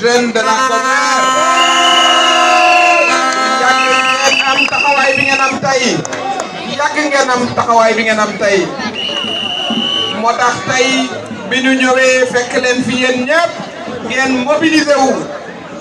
president de ah. la Comer yàgg ngeen am taxawaay bi ngeen am tey yàgg ngeen am taxawaay bi ngeen am tey moo tax fekk leen fi yéen ñëpp ngeen mobiliser wu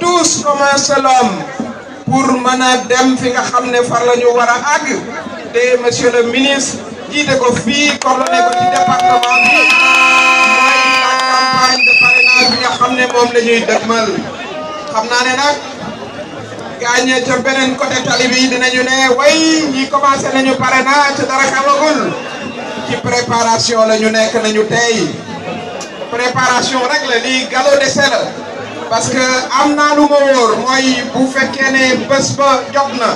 tous comme un seul homme pour mën a dem fi nga xam ne far la ñu war a te monsieur le ministre jiite ko fii coordonné ko ci département élection bi xam ne moom la ñuy dëgmal xam naa ne nag gaañee ca beneen côté tali bi dinañu ne way ñi commencé nañu pare na ci dara xamagul ci préparation la ñu nekk nañu tey préparation rek la lii galop d'essai parce que am naa lu ma wóor mooy bu fekkee ne bés ba jot na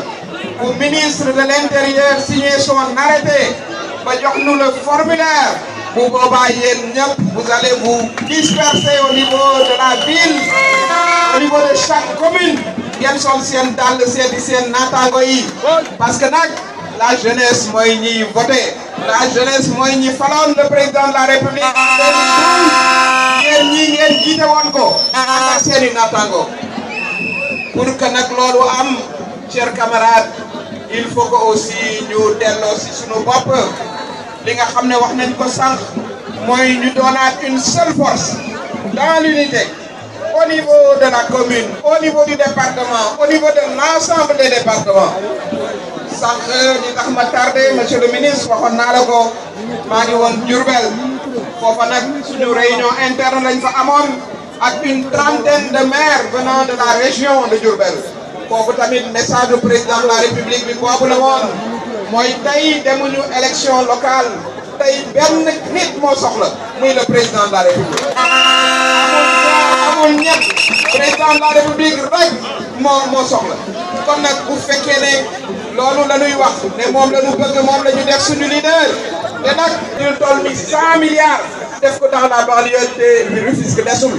bu ministre de l'intérieur signé arrêté ba jox nu le formulaire vous allez vous disperser au niveau de la ville au niveau de chaque commune ngeen sol dans le service de naataango yi parce que la jeunesse mooy ñiy voté la jeunesse mooy ñi faloon le président de la république yéen ñii ngeen jiite woon ko ak seeni pour que nous loolu chers camarades il faut que aussi nous delloo sur nos bopp li nga ko ñu une seule force dans l'unité au niveau de la commune au niveau du département au niveau de l'ensemble des départements sànq nous tax ma tardé monsieur le ministre waxon nous la ko ma ngi won djourbel fofa réunion interne lañ fa ak une trentaine de maires venant de la région de vous donner le message du président de la république bi boobu la mooy tey demuñu élection locale tey benn nit moo soxla muy le président de la république. amul ñett président de la république rek moo moo soxla kon nag bu fekkee ne loolu la ñuy wax ne moom la ñu bëgg moom la ñu def suñu leader te nag ñu milliards def ko dans la banlieue te Rufisque desul.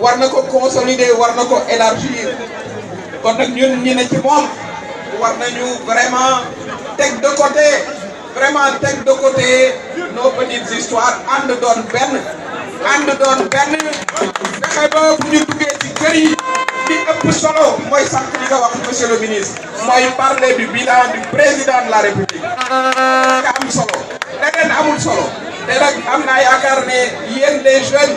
war nous consolider war élargir kon ñun ci vraiment de côté vraiment tête de côté nos petites histoires on doon donne and doon ben ba ñu duggé ci kër yi ëpp solo le ministre parler du bilan du président de la république am solo amul solo les jeunes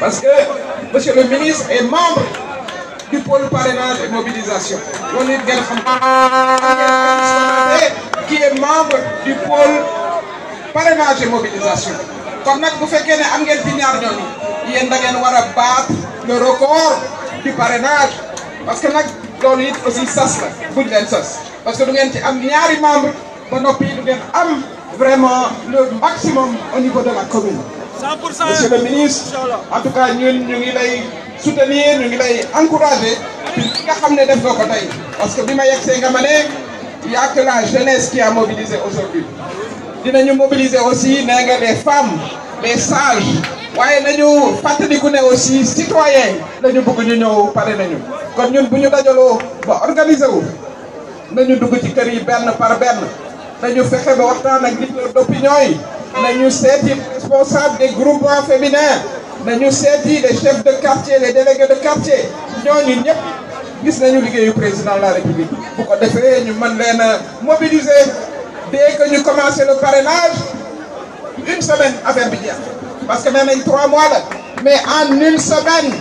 Parce que monsieur le ministre est membre du pôle parrainage et mobilisation. Yonit qui est membre du pôle parrainage et mobilisation. Comme vous bu fekkee ne il y dans a battre le record du parrainage parce que nous est aussi sas vous parce que nous avons un milliard de membres ba nos pays, nous am vraiment le maximum au niveau de la commune monsieur le ministre en tout cas nous soutenir nous ngi encourager ci parce que il n'y a que la jeunesse qui a mobilisé aujourd'hui dinañu mobiliser aussi les femmes les sages Nous nañu aussi citoyens. la nous Nous organiser Nous nañu nous par Nous ba d'opinion nous sommes responsables des groupements féminins nous sommes les chefs de quartier les délégués de quartier nous sommes les nañu président de la république Pourquoi ko defee ñu mobiliser dès que nous commençons le parrainage une semaine à faire parce que même trois mois mais en une semaine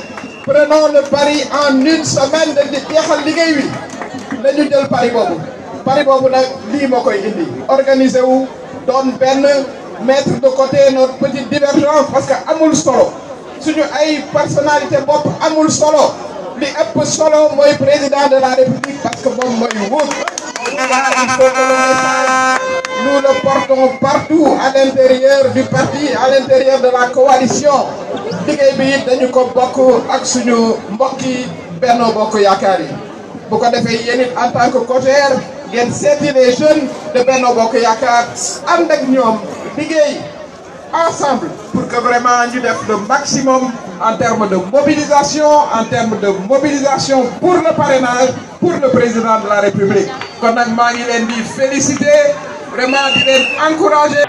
prenons le pari en une semaine de sommes les wi sommes jël pari le pari boobu nag lii moo organiser mettre de côté notre petite divergence parce que amul solo suñu ay personnalité propre amul solo li ëpp solo moy président de la république parce que bon moy wut nous le portons partout à l'intérieur du parti à l'intérieur de la coalition liggéey bi dañu ko bokk ak suñu mbokki Benno Bokk Yaakaar yi bu ko défé yénit en tant que coter ngeen seeti les jeunes de Benno Bokk yakar ànd ak ñom ensemble pour que vraiment y def le maximum en termes de mobilisation en termes de mobilisation pour le parrainage pour le président de la république kon je maa dit féliciter vraiment qu'il encourager